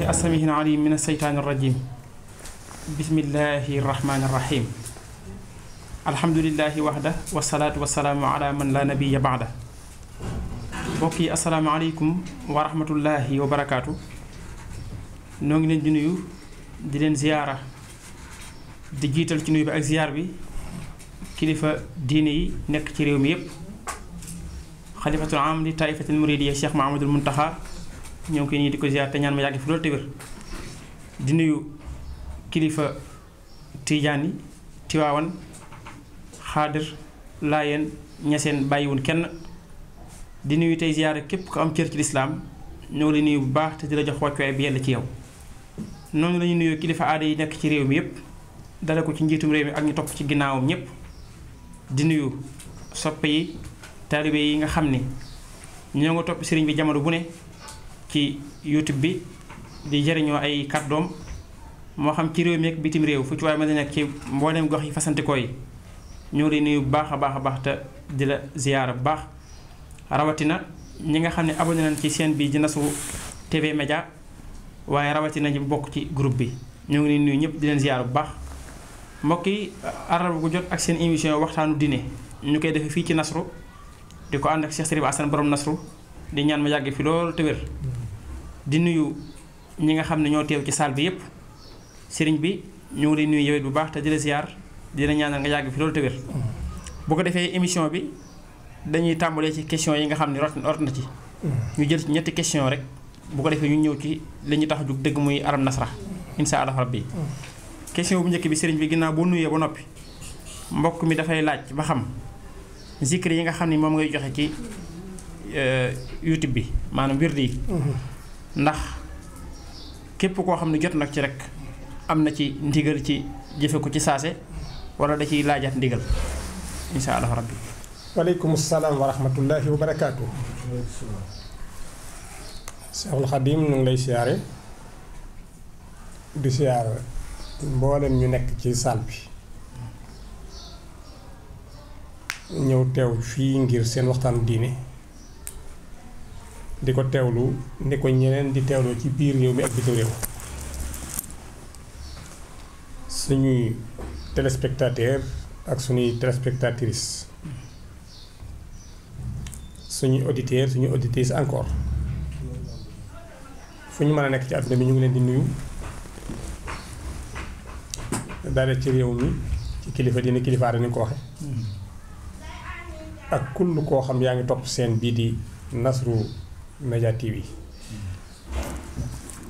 بالله أسمه علي من السيطان الرجيم بسم الله الرحمن الرحيم الحمد لله وحده والصلاة والسلام على من لا نبي بعده بوكي السلام عليكم ورحمة الله وبركاته نوغ نجنو دين زيارة ديجيتال كنو يبقى زيار بي كليفة ديني نك كريوم يب خليفة العام لطائفة المريدية الشيخ محمد المنتخب ñoo ngi koy nii di ko ziar te ñaan ma yàgg fi loolu te di nuyu kilifa tiijaan yi tiwaawan xaadir laayeen ñaseen bàyyiwun kenn di nuyu tey ziar képp ko am cër ci lislaam ñoo li nuyu bu baax te di la jox wàccuwaay bi yàlla ci yow noonu la nuyoo kilifa aada yi nekk ci réew mi yëpp dale ko ci njiitum réew mi ak ñu topp ci ginnaawam ñëpp di nuyu sopp yi taalibe yi nga xam ni ñoo nga topp sëriñ bi jamono bu ne ki youtube bi di jëriñoo ay kaddom mo xam ci rew mi ak bitim rew fu ci way ma dina ki mbolem gox yi fasantikoo koy ñu ngi nuyu baaxa baaxa baax ta di la ziyaara baax rawatina ñi nga xamni abonné nañ ci chaîne bi di nasu TV Média waaye rawatina ñu bok ci groupe bi ñu ngi nuyu ñep di len ziyaara baax mbokk arab gu jot ak seen émission waxtanu dine ñu koy def fi ci nasru di and ak Cheikh Serigne Assane borom nasru di ñaan ma yagg fi loolu te di nuyu ñi nga xam ne ñoo teew ci salle bi yëpp sëriñ bi ñoo ngi lay nuyu yow bu baax te di la ziar di la ñaanal nga yàgg fi loolu te wér mm. bu ko defee émission bi dañuy tàmbalee ci question yi nga xam ne rot na ci. Mm. ñu jël ci ñetti question rek bu ko defee ñu ñëw ci li ñu tax a dëgg muy alam nasra incha allah bi mm. question bu njëkk bi sëriñ bi ginnaaw boo nuyee ba noppi mbokk mi dafay laaj ba xam zikri yi nga xam ne moom ngay joxe ci euh, YouTube bi maanaam wird yi mm-hmm. ndax képp koo xam ne jot nag ci rek am na ci ndigal ci jëfe ko ci saase wala da ciy laajaat ndigal insha allahu rabbi waaleykum salaam wa rahmatullahi wa Seexul Xadim ñu ngi lay siyaare du siyaare mboolem ñu nekk ci salle bi ñëw teew fii ngir seen waxtaan diine di ko teewlu ni ko ñeneen di teewloo ci biir réew mi ak bitu réew suñuy téléspectateur ak suñuy téléspectatrice suñuy auditeur suñuy auditrice encore fu ñu mën a nekk ci àdduna bi ñu ngi leen di nuyu ci réew mi ci kilifa dina kilifa ni ko waxe hmm. ak kull koo xam yaa ngi topp seen di nasru media TV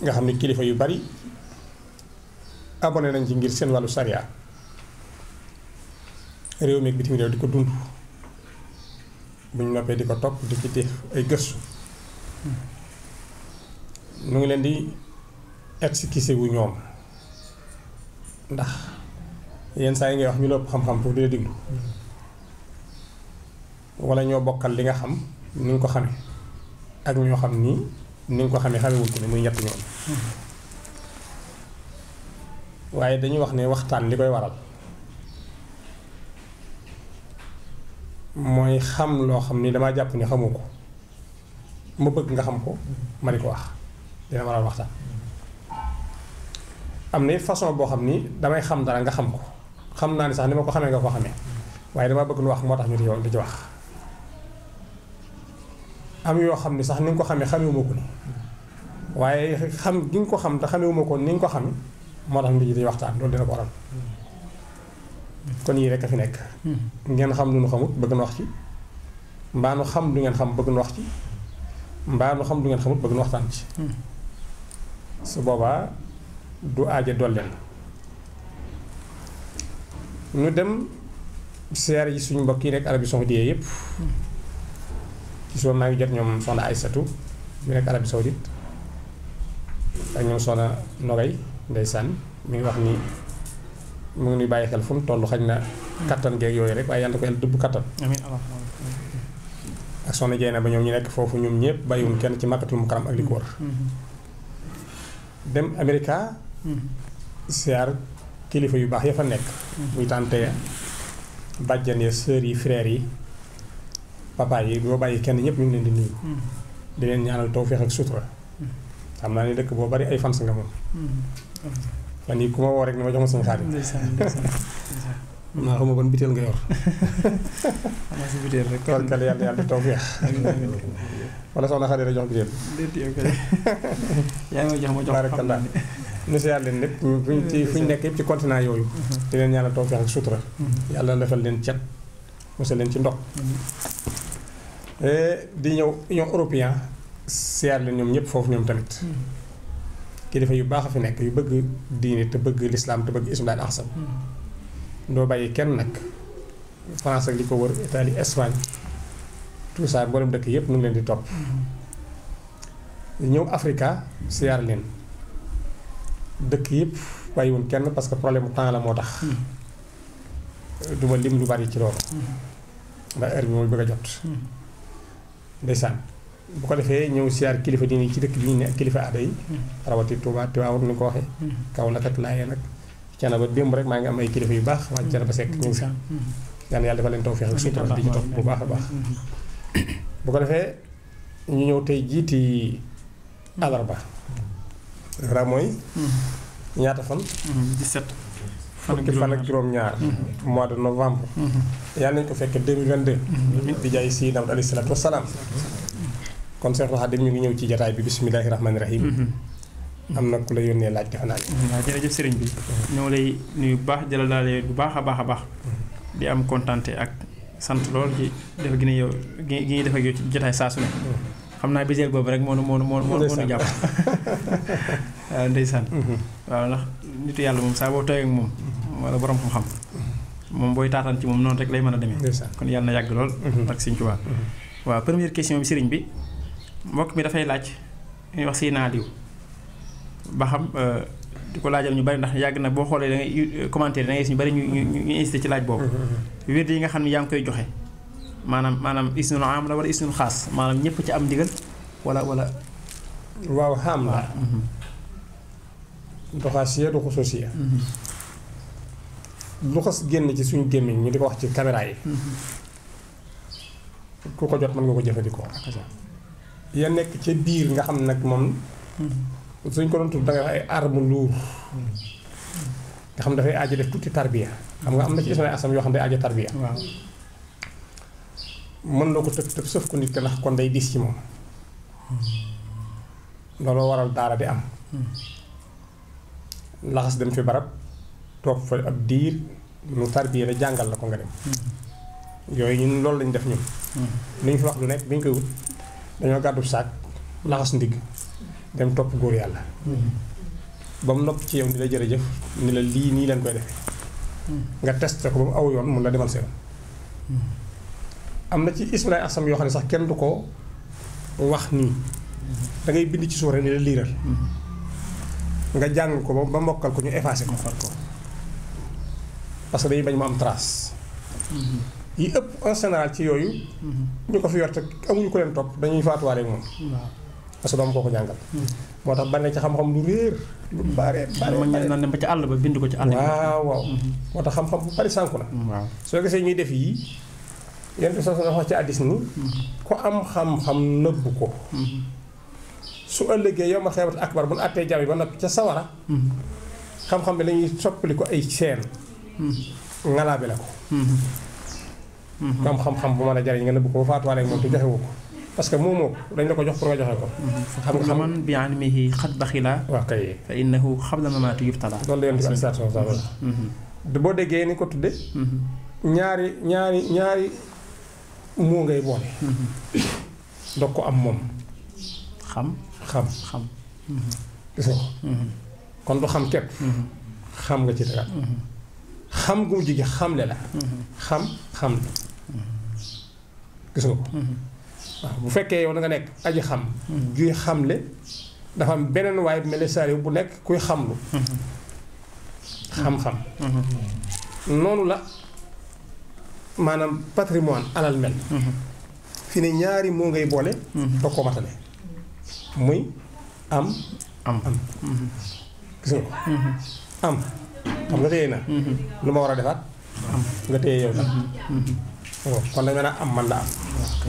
nga xamni kiri kilifa yu bari abonné nañ ci ngir seen walu sharia réew mi bitim réew di dund buñ noppé di top di ci ya, def eh, ay gëstu nu ngi len di exquisé wu ñom ndax yeen say wax ñu lopp xam-xam pour diglu wala ñoo bokkal li nga xam ni ko xamee ak ñoo xam ni ni nga ko xamee xamewuñ ko ni muy ñett ñoom waaye dañu wax ne waxtaan li koy waral mooy xam loo xam ni damaa jàpp ni xamu ko ma bëgg nga xam ko ma di ko wax dina waral waxtaan am na it façon boo xam ni damay xam dara nga xam ko xam naa ni sax ni ma ko xamee nga ko xamee waaye dama bëgg lu wax moo tax ñu di yow di wax am yoo xam ne sax ni nga ko xamee xamewuma ko ni waaye xam gi nga ko xam te xamewuma ko ni nga ko xam moo tax nit ñi di waxtaan loolu dina ko waral kon yii rek a fi nekk hmm. ngeen xam nu nu xamut bëgg na wax ci mbaa nu xam lu ngeen xam bëgg na wax ci mbaa nu xam lu ngeen xamut bëgg na waxtaan ci hmm. su boobaa du aaje dolleen ñu dem seer yi suñu mbokk yi nekk Arabie Saoudite yëpp hmm. toujours maa ngi jot ñoom soxna Aysatu mi nekk Arabie Saoudite ak ñoom soxna Nogay ndeysaan mi ngi wax ni mu ngi nuy bàyyi xel fu mu toll xañ na kattan geeg yooyu rek waaye yàlla na ko yàlla dëbb kattan ak soxna Jeena ba ñoom ñu nekk foofu ñoom ñëpp bàyyiwuñ kenn ci màkkatul mu karam ak li ko wër mm-hmm. Mm-hmm. dem america siyaar mm-hmm. kilifa yu baax ya fa nekk muy tante ya, bàjjan ya sœur yi frère yi papa yi doo bàyyi kenn ñëpp ñu ngi leen di nuyu. Mm-hmm. di leen ñaanal tawféex ak mm-hmm. xam naa ne dëkk boo bari ay mm-hmm. fan yii ku ma woo rek ni ma jox ma sëñ Xaadim. maa xam ban biteel nga yor. xanaa si biteel yaa ngi jox ma jox barakallaa ñu si yàlla leen lépp fu yëpp ci continent yooyu. di leen ñaanal tawféex ak sutura. yàlla defal leen cet. mosal leen ci ndox. Eh, di ñëw union européen siyaar ñoom ñëpp foofu ñoom tamit hmm. kilifa yu baax a fi nekk yu bëgg diine te bëgg lislaam te bëgg islam daal axsam doo bàyyi kenn nag France ak li ko wër Italie Espagne tout ça mboolem dëkk yëpp nu ngi leen di topp hmm. ñëw Africa siyaar leen dëkk yëpp bàyyiwuñ kenn parce que problème mu temps la moo tax hmm. duma lim lu bari ci loolu ndax heure bi bëgg a jot ndeysaan bu ko defee ñëw siyaar kilifa dini ci dëkk bi ñu ne kilifa aada yi hmm. rawati tuba Tiwaawan ni ko waxe hmm. kaw la kat laayee nag cana ba démb rek ma nga am ay kilifa yu baax hmm. waa cana ba sekk ñu sa sax yalla yàlla dafa leen tawfeex ak suñu di ci topp bu baax baax bu ko defee ñu ñëw tay jiti alarba ra mooy ñaata fan 17 fukki fan ak juróom-ñaar mois de novembre mm-hmm. yàlla nañ ko fekk 2022 mm-hmm. di jaay si Daawud alayhi salaatu wasalaam kon Seexul Xaadim ñu ngi ñëw ci jataay bi bismillaahi rahmaani rahim mm-hmm. am na ku la yónnee laaj defe naa waaw jërëjëf sëriñ bi ñoo lay nuyu bu baax jëlalaale bu baax a baax a baax di am kontante ak sant lool gi ne yow gi gi def ak yow saa su ne xam naa biseel boobu rek moonu moonu moonu moonu jàpp waaw ndeysaan waaw ndax nitu yàlla moom saa boo toogee ak moom wala borom xam-xam mom boy taataan ci mom non rek lay mën a kon yalla na yàgg lool mhm. ak sëñ Tuubaa mhm. wa première question bi sëriñ bi mbok mi fay laaj ñu wax seyna diw ba xam euh, di diko laajal ñu bari ndax yàgg na bo xolé da ngay euh, commenter da ngay gis ñu bari ñu ñu insisté ci laaj boobu mhm, wér yi nga xam ni yang koy joxe manam manam isnul am la wala isnul khas manam ñepp ci am digal wala wala waaw xam la doxaasiya du xususiya lu xas génn ci suñu gémmiñ ñu di ko wax ci caméra yi ku ko jot mën nga ko jëfandikoo ya nekk ci biir nga xam nag moom suñ ko doon tudd dangay wax ay arme lourd nga xam dafay aajo def tuuti tarbiya xam nga am na ci ismaay asam yoo xam day aajo tarbiya mën loo ko tëb tëb sëf ko nit ka ndax kon day diis ci moom looloo waral daara di am hmm. laxas dem fi barab tok fa ab dir nu tarbiya la jangal la ko nga dem hmm. yoy ñun loolu lañ def ñun niñ ñu fa wax lu nek biñ ko koy wut dañoo gàddu saak laxas ndig dem top goor yalla hmm. bam nopp ci yow dila jere jef ni la lii ni lañ koy def hmm. nga test ko bam aw yoon mu la demal seen am na ci ismilay asam yo xam sax kenn du ko wax ni da ngay bind ci soore ni la liral nga jang ko ba mokal ko ñu effacer ko far ko parce que dañuy bañ mu am trace mhm. yi ëpp en général ci yooyu mhm. ñu ko fi yor te amuñu ko leen top dañuy faatuwaale ak moom parce que doom ko ko jangal motax mhm. bané ci xam-xam lu réer lu bare bare man ñaan na ba ci àll ba bind ko ci àll waaw waaw motax xam-xam bu bari sanku la so gëssé ñi def yi yeen ci sax wax ci hadith ni ko am xam-xam nëbbu ko su ëllëgé yow ma xeebatu akbar bu atté jami ba nak ci sawara xam-xam bi lañuy soppali ko ay seen Hmm. ngalaabe la ko nga hmm. am xam-xam bu ma la jariñ nga nëbb ko ba faatuwaale ak moom te joxe wu ko parce que moomoo ko dañ ko jox hmm. man bi almihi xat baxila waaw kay fa innahu xabla mamaati yubtala loolu la yoon di alisat sa boo déggee ni ko tudde ñaari ñaari ñaari ngay boole ko am moom xam xam xam gis kon du xam képp xam nga ci dara xam gu mujj gi xamle la xam xamle gis nga ko mm-hmm. waaw bu fekkee yow da nga nekk aji xam mm-hmm. juy xamle dafa am beneen waaye mel ni saari bu nekk kuy xamlu mm-hmm. xam-xam noonu la maanaam patrimoine alal mel fi ne ñaari moo ngay boole doo ko matale muy am am gis nga ko am xam nga téye na. Mm-hmm. lu ma war a defaat. am nga téye yow mm-hmm. Mm-hmm. nag. kon dañu mën a am man la am.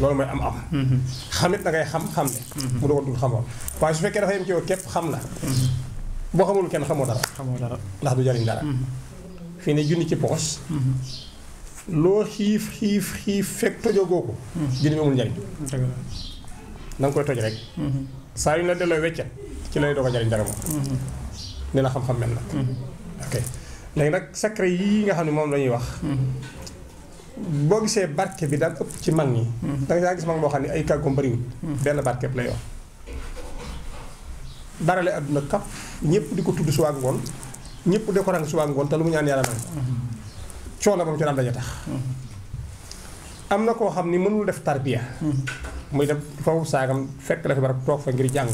loolu mooy am am. xam it da ngay xam xam ne. mu doon dul xamoon waaye su fekkee dafa yem ci yow képp xam na. boo kenn xamoo dara. xamoo dara ndax du jariñ dara. fii ne junni ci poos. loo xiif xiif xiif fekk tojogoo ko. junni bi toj rek. saa yu ne delloo weccat ci lay doog a jariñ dara moom. ni la xam-xam mel na. léegi nag secret yi nga xam ne moom la ñuy wax. boo gisee barke bi daal ëpp ci mag ñi. Mhm. da nga gis mag moo xam ne ay kàggoom bariwul. Mhm. benn barke lay wax. dara la kap ñëpp di ko tudd suba ngoon ñëpp di ko rang suba ngoon te lu mu ñaan yàlla nag. Mhm. coono moom ci daan dañu tax. am na koo xam ni mënul def tarbiya muy dem foofu saagam fekk la fi barab toog fa ngir jàng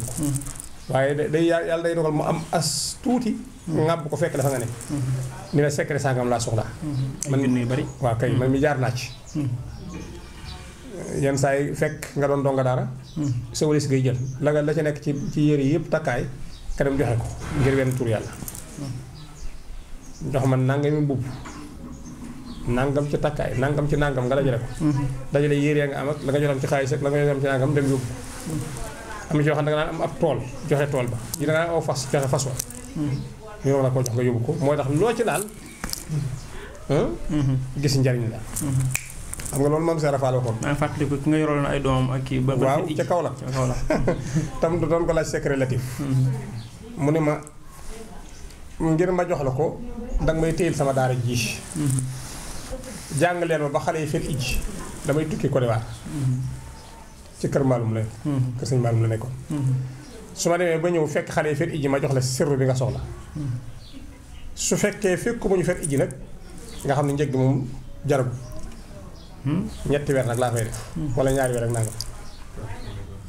waaye day yàlla day dogal mu am as tuuti. Mm-hmm. ŋàbb ko fekk dafa nga ne. Mm-hmm. ni la secret sangam laa soxlaa. Mm-hmm. man yu bari waa kay man mi jaar naa ci. yenn saa yi fekk nga doon donga daara. sa walis ngay jël la nga la ci nekk ci ci yére yëpp takkaay ka joxe ko ngir wenn tur yàlla. jox man nangami mbubb nangam ci takkaay nangam ci nangam nga dajale ko. dajale yére nga am ak la nga jotam ci xaalis ak la nga jotam ci nangam dem yóbbu. am jo yoo xam da nga am ab tool joxe tool ba yi da nga naan aw fas joxe fas wa ñu hmm. war ko jox nga yóbbu ko mooy tax lo ci hmm. Ah, hmm gis njariñ la hmm. am nga loolu mom Seera Fall waxoon. maa ngi fàttaliku ki nga na ay doomam ak ki ba. waaw ci kaw la kaw la. tam don ko la secret relatif. mu ne ma ngir ma jox la ko may teyel sama dara ji. jàng leen ba xalé fet ij damay tukki Côte d'Ivoire. ci kër maalum la mhm. kër sëñ maalum la nekkoon mhm. su ma demee ba ñëw fekk xale yi fet iji ma jox la sirru bi nga soxla mhm. su fekkee fekku mu ñu fet iji nag nga xam ne njëg moom jaragu hmm? ñetti weer nag laa fay def hmm. wala ñaari weer ak nangam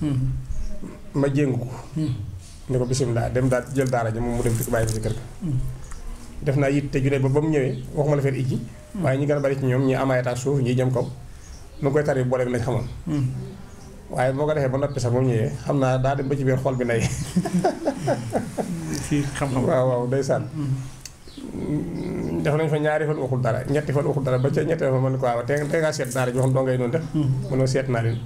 hmm. ma jéngu ko ni ko bisimilah dem daal jël daara ji moom mu dem dikk bàyyi ko ci kër ga def naa yitte ju ne ba ba mu ñëwee waxuma la fet iji waaye ñi gën a bari ci ñoom ñi amaay tax suuf ñi jëm kaw nu koy tari boole bi lañ waaye boo ko defee ba noppi sax ba ñëwee xam naa daa dem ba ci biir xool bi nay. si xam-xam waaw waaw ndeysaan. Mm-hmm. def nañ fa ñaari fan waxul dara ñetti fan waxul dara ba ca ñetti fan ma ne ko waaw tey tey ngaa seet daara ji wax doo ngay noonu mm-hmm. seet naa leen.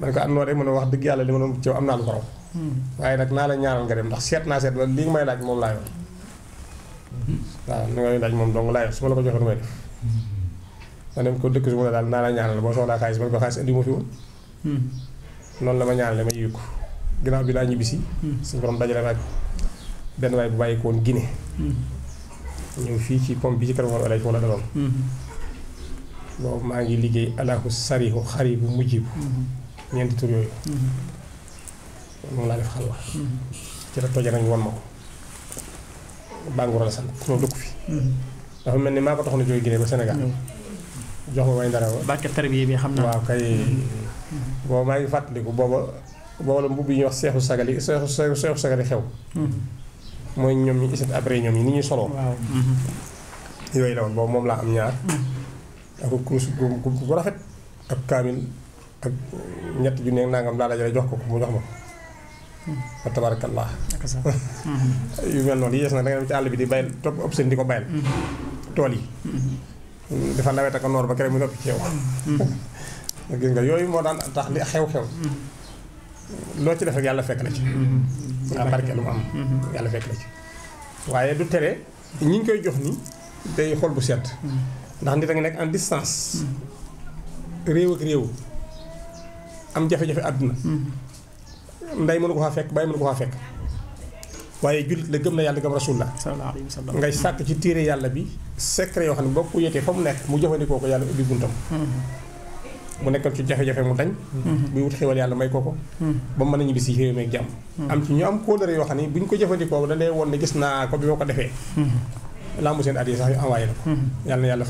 ma ko am noo de mën a wax dëgg yàlla li ma doon coow am naa lu ko raw. Mm-hmm. waaye nag naa la ñaanal nga dem ndax seet naa seet ba lii nga may laaj moom laa yor. waaw li nga may laaj moom dong laa yor su ma la ko joxee may def. ma dem ko dëkk su mu ne daal naa la ñaanal boo soxlaa xaalis man ko fi woon. Hmm. noonu la ma ñaanale ma yiw ko ginnaaw bi laa ñibbisi. Hmm. suñu borom dajale ma benn waay bu bàyyi ko woon Guinée. Hmm. ñëw fii ci pompe bi ci kër Mor maa ngi liggéey alaaku sarihu xaribu mujjibu. ñeenti tur yooyu. moom def xalwa la toje nañu woon ma ko. Bangoro la sant loolu dëkk fi. dafa mel ni maa ko tax na jógee Guinée ba Sénégal. jox ma may dara ba. barke tarbiya bi xam naa waaw kay. booba maa ngi fàttaliku booba booba la mbubb yi ñuy wax seexu sagali seexu seexu sagali xew. Hmm. mooy ñoom ñu isat après ñoom yi ni ñuy soloo. Hmm. yooyu la woon boobu moom laa am ñaar. Hmm. ak kurus gu rafet ak kaamil ak ñett ju ne nangam laa dajale jox ko mu jox ma ko. fa tabarakallah yu mel noonu yi yes na da nga dem ci àll bi di bayal topp ëpp di ko bayal. tool yi. dafa nawet ak noor ba keroog mu noppi ci yow. Mm-hmm. gis nga yooyu moo daan tax li xew-xew. Mm-hmm. loo ci def rek yàlla fekk la ci. nga mm-hmm. barke lu mu am. yàlla fekk la ci. waaye du tere ñi ngi koy jox ni day xol bu sedd. ndax nit a ngi nekk en distance. réew ak réew. am jafe-jafe àdduna. ndey mënu ko faa fekk bàyyi mënu ko faa fekk. waaye jullit la gëm na yàlla gëm rasul la ngay sàkk ci téere yàlla bi secret yoo xam ne boo ko yetee fa mu nekk mu jëfandikoo ko yàlla ubbi buntam mm-hmm. mu nekkal ci jafe-jafe mu dañ mm-hmm. yàlla may ko ko mm-hmm. ba mën a ñibbi si réew jàmm am ci ñu am kóolare yoo xam ne bu ñu ko jëfandikoo da lay woon ne gis naa ko bi ko defee lambu seen at yi la yàlla na yàlla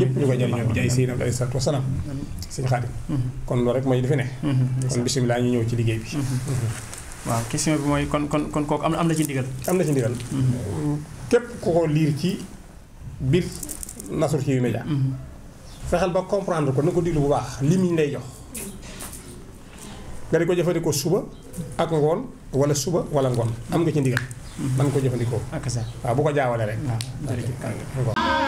ñëpp ñu ko jëriñoo jaay si nabi alei kon loolu rek mooy dafe ne kon bisimilah ñu ñëw ci liggéey bi waaw question bi mooy kon kon kon kooku am am na ci ndigal. am na ci ndigal. Mhm. képp ko ko liir ci biir nasru ci yu média. Mhm. fexeel ba comprendre ko na ko diglu bu baax lim yi ñu jox. nga di ko jëfandikoo suba ak ngoon wala suba wala ngoon am nga ci ndigal. man mhm. ko jëfandikoo. ak waaw bu ko jaawalee rek. waaw